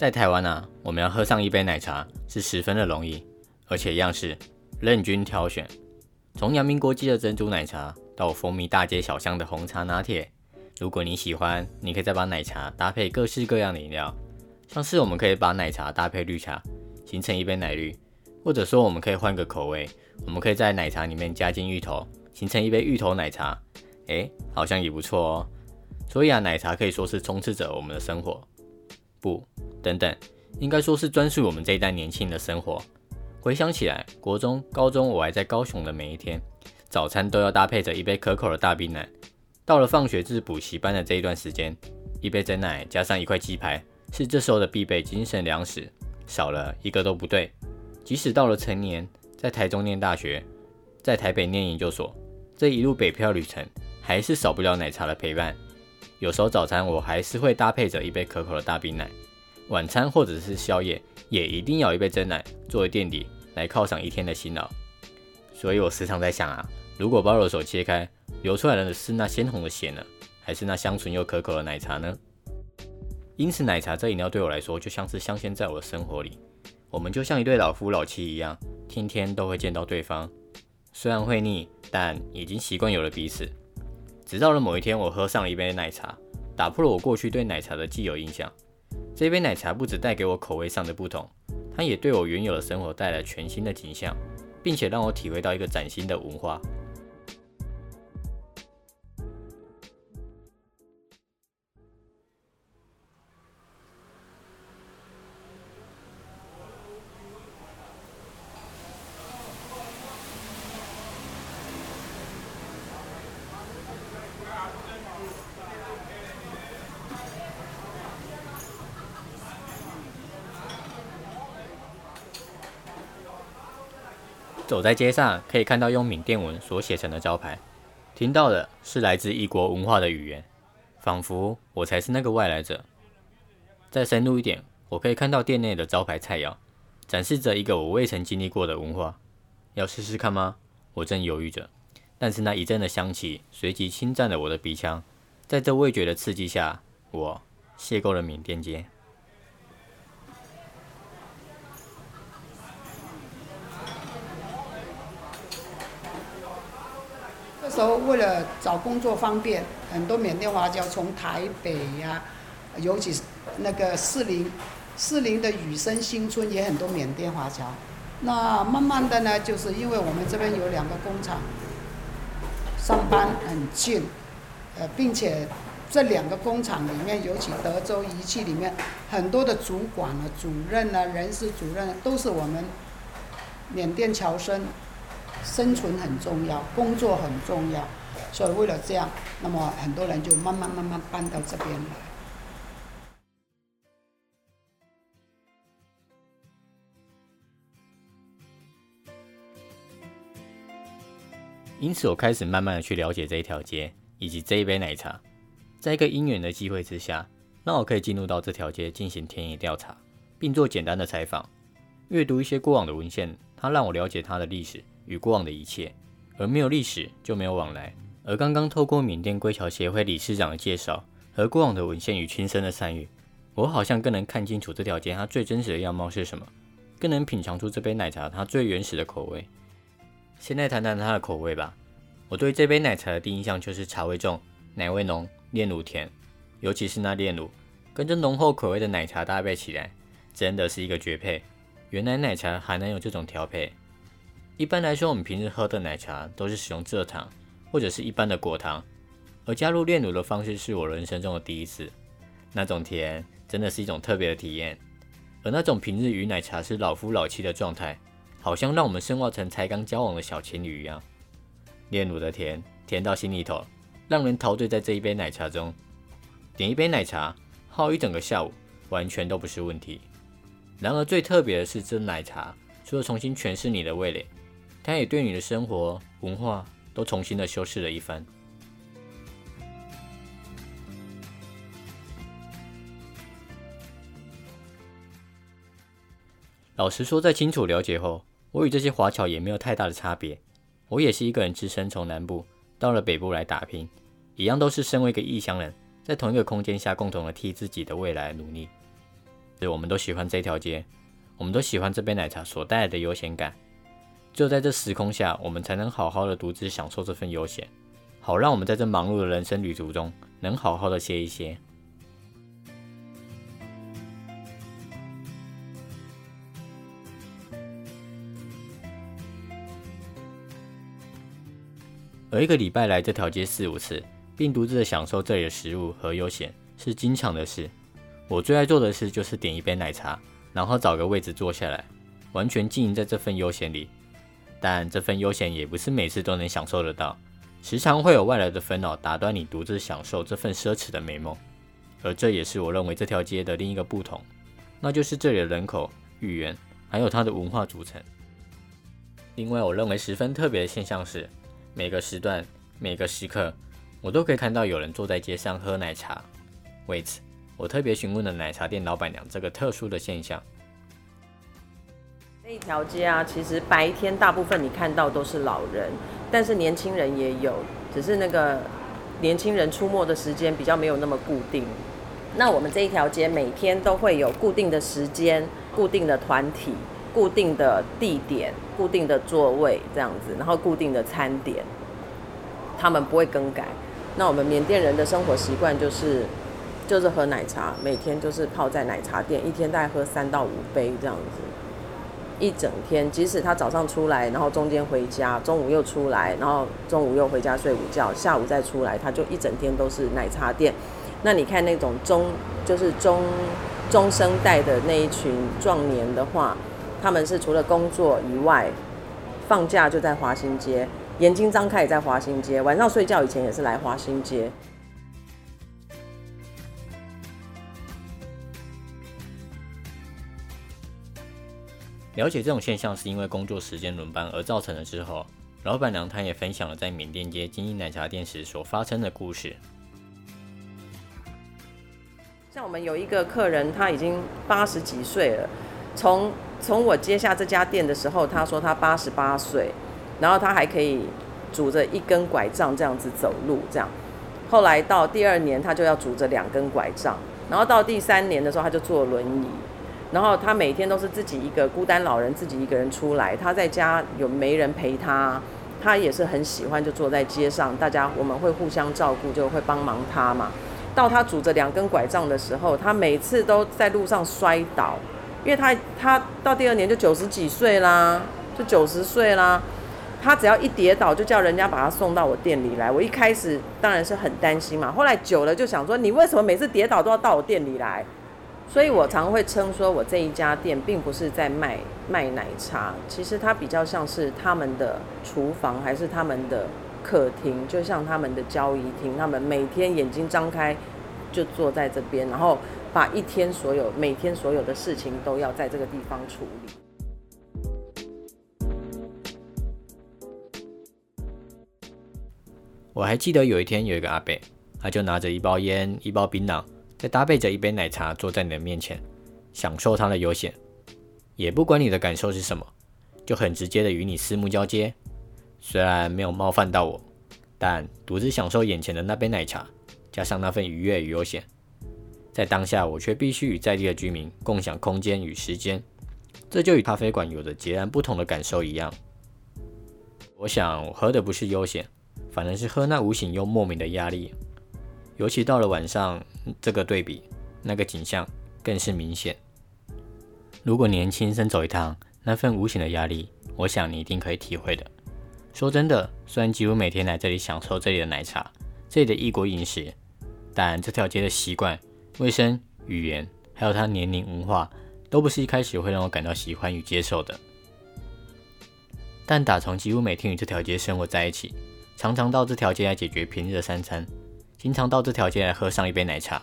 在台灣呢、啊，我們要喝上一杯奶茶是十分的容易，而且樣式任君挑選，從揚名國際的珍珠奶茶到風靡大街小巷的紅茶拿鐵，如果你喜歡，你可以再把奶茶搭配各式各樣的飲料，像是我們可以把奶茶搭配綠茶，形成一杯奶綠，或者說我們可以換個口味，我們可以在奶茶裡面加進芋頭，形成一杯芋頭奶茶，哎、欸，好像也不錯哦。所以啊，奶茶可以說是充斥着我們的生活，不。等等，應該說是專屬我們這一代年輕人的生活。回想起來，國中、高中我還在高雄的每一天，早餐都要搭配着一杯可口的大冰奶。到了放學至補習班的這一段時間，一杯珍奶加上一塊雞排，是這時候的必備精神糧食，少了一個都不對。即使到了成年，在台中念大學，在台北念研究所，這一路北漂旅程，還是少不了奶茶的陪伴。有時候早餐我還是會搭配着一杯可口的大冰奶。晚餐或者是宵夜，也一定要一杯珍奶作為墊底，來犒賞一天的辛勞。所以我時常在想啊，如果把我的手切開，流出來的是那鮮紅的血呢，還是那香醇又可口的奶茶呢？因此，奶茶這飲料對我來說，就像是鑲嵌在我的生活裡。我們就像一對老夫老妻一樣，天天都會見到對方，雖然會膩，但已經習慣有了彼此。直到了某一天，我喝上了一杯奶茶，打破了我過去對奶茶的既有印象。這杯奶茶不只帶給我口味上的不同，它也對我原有的生活帶來全新的景象，並且讓我體會到一個嶄新的文化。走在街上，可以看到用緬甸文所寫成的招牌，聽到的是來自異國文化的語言，仿佛我才是那個外來者。再深入一點，我可以看到店內的招牌菜餚，展示着一個我未曾經歷過的文化。要試試看嗎？我正猶豫着，但是那一陣的香氣隨即侵占了我的鼻腔，在這味覺的刺激下，我邂逅了緬甸街。都為了找工作方便，很多緬甸華僑從台北呀、啊，尤其那個士林，士林的雨生新村也很多緬甸華僑。那慢慢的呢，就是因為我們這邊有兩個工廠，上班很近，呃，並且這兩個工廠裡面，尤其德州儀器裡面，很多的主管啊、主任啊、人事主任啊，都是我們緬甸僑生。生存很重要，工作很重要，所以為了這樣，那麼很多人就慢慢慢慢搬到這邊來。因此，我開始慢慢的去了解這一條街以及這一杯奶茶。在一個因緣的機會之下，讓我可以進入到這條街進行田野調查，並做簡單的採訪，閱讀一些過往的文獻，它讓我了解它的歷史。與過往的一切，而沒有歷史就沒有往來。而剛剛透過緬甸歸僑協會理事長的介紹和過往的文獻與親身的參與，我好像更能看清楚這條街它最真實的樣貌是什麼，更能品嚐出這杯奶茶它最原始的口味。現在談談它的口味吧。我對這杯奶茶的第一印象就是茶味重，奶味濃，煉乳甜，尤其是那煉乳，跟這濃厚口味的奶茶搭配起來，真的是一個絕配。原來奶茶還能有這種調配。一般來說，我們平日喝的奶茶都是使用蔗糖或者是一般的果糖，而加入煉乳的方式是我人生中的第一次，那種甜真的是一種特別的體驗。而那種平日與奶茶是老夫老妻的狀態，好像讓我們升華成才剛交往的小情侶一樣。煉乳的甜，甜到心裡頭，讓人陶醉在這一杯奶茶中。點一杯奶茶，耗一整個下午，完全都不是問題。然而最特別的是這奶茶，除了重新詮釋你的味蕾。他也對你的生活文化都重新的修飾了一番。老實說，在清楚了解後，我與這些華僑也沒有太大的差別。我也是一個人，只身從南部到了北部來打拼，一樣都是身為一個異鄉人，在同一個空間下共同的替自己的未來努力。所以，我們都喜歡這條街，我們都喜歡這杯奶茶所帶來的悠閒感。就在這時空下，我們才能好好的獨自享受這份悠閒，好讓我們在這忙碌的人生旅途中，能好好的歇一歇。而一個禮拜來這條街四五次，並獨自的享受這裡的食物和悠閒，是經常的事。我最愛做的事就是點一杯奶茶，然後找個位置坐下來，完全經營在這份悠閒裡。但這份悠閒也不是每次都能享受得到，時常會有外來的煩惱打斷你獨自享受這份奢侈的美夢。而這也是我認為這條街的另一個不同，那就是這裡的人口、語言還有它的文化組成。另外，我認為十分特別的現象是，每個時段、每個時刻，我都可以看到有人坐在街上喝奶茶。為此，我特別詢問了奶茶店老闆娘這個特殊的現象。這一條街啊，其實白天大部分你看到都是老人，但是年輕人也有，只是那個年輕人出沒的時間比較沒有那麼固定。那我們這一條街每天都會有固定的時間、固定的團體、固定的地點、固定的座位這樣子，然後固定的餐點，他們不會更改。那我們緬甸人的生活習慣就是，就是喝奶茶，每天就是泡在奶茶店，一天大概喝三到五杯這樣子。一整天，即使他早上出來，然後中間回家，中午又出來，然後中午又回家睡午覺，下午再出來，他就一整天都是奶茶店。那你看那種中，就是中中生代的那一群壯年的話，他們是除了工作以外，放假就在華新街，眼睛張開也在華新街，晚上睡覺以前也是來華新街。了解這種現象是因為工作時間輪班而造成的之後，老闆娘她也分享了在緬甸街經營奶茶店時所發生的故事。像我們有一個客人，他已經八十幾歲了。從從我接下這家店的時候，他說他八十八歲，然後他還可以拄着一根拐杖，這樣子走路，這樣。後來到第二年，他就要拄着兩根拐杖，然後到第三年的時候，他就坐輪椅。然後他每天都是自己一個孤單老人，自己一個人出來。他在家有沒人陪他，他也是很喜歡，就坐在街上。大家我們會互相照顧，就會幫忙他嘛。到他拄着兩根拐杖的時候，他每次都在路上摔倒，因為他他到第二年就九十幾歲啦，就九十歲啦。他只要一跌倒，就叫人家把他送到我店裡來。我一開始當然是很擔心嘛，後來久了就想說，你為什麼每次跌倒都要到我店裡來？所以，我常會稱說，我這一家店並不是在賣賣奶茶，其實它比較像是他們的廚房，還是他們的客廳，就像他們的交易廳。他們每天眼睛張開就坐在這邊，然後把一天所有每天所有的事情都要在這個地方處理。我還記得有一天有一個阿伯，他就拿着一包煙、一包檳榔。再搭配着一杯奶茶坐在你的面前，享受它的悠閒，也不管你的感受是什麼，就很直接的與你四目交接。雖然沒有冒犯到我，但獨自享受眼前的那杯奶茶，加上那份愉悅與悠閒，在當下我卻必須與在地的居民共享空間與時間，這就與咖啡館有着截然不同的感受一樣。我想我喝的不是悠閒，反而是喝那無形又莫名的壓力。尤其到了晚上，這個對比，那個景象更是明顯。如果年輕生走一趟，那份無形的壓力，我想你一定可以體會的。說真的，雖然幾乎每天來這裡享受這裡的奶茶、這裡的異國飲食，但這條街的習慣、衛生、語言，還有它年齡文化，都不是一開始會讓我感到喜歡與接受的。但打從幾乎每天與這條街生活在一起，常常到這條街來解決平日的三餐。經常到這條街來喝上一杯奶茶，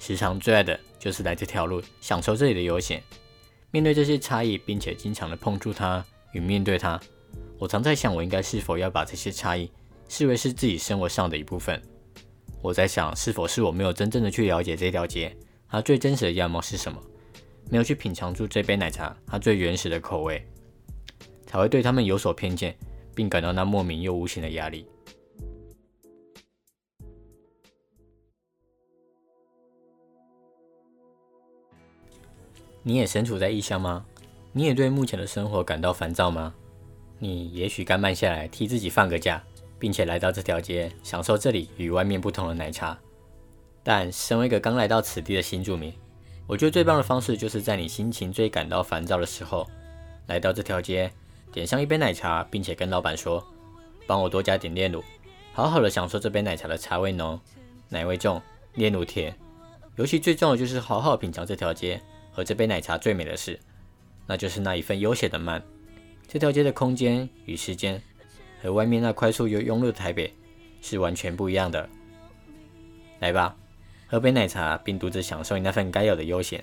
時常最愛的就是來這條路享受這裡的悠閒。面對這些差異，並且經常的碰觸它與面對它，我常在想，我應該是否要把這些差異視為是自己生活上的一部分？我在想，是否是我沒有真正的去了解這條街它最真實的樣貌是什麼，沒有去品嘗住這杯奶茶它最原始的口味，才會對他們有所偏見，並感到那莫名又無形的壓力。你也身處在異鄉嗎？你也對目前的生活感到煩躁嗎？你也許該慢下來，替自己放個假，並且來到這條街，享受這裡與外面不同的奶茶。但身為一個剛來到此地的新住民，我覺得最棒的方式就是在你心情最感到煩躁的時候，來到這條街，點上一杯奶茶，並且跟老闆說：“幫我多加點煉乳。”好好的享受這杯奶茶的茶味濃、奶味重、煉乳甜。尤其最重要的就是好好品嚐這條街。和這杯奶茶最美的事，那就是那一份悠閒的慢。這條街的空間與時間，和外面那快速又庸碌的台北是完全不一樣的。來吧，喝杯奶茶，並獨自享受你那份該有的悠閒。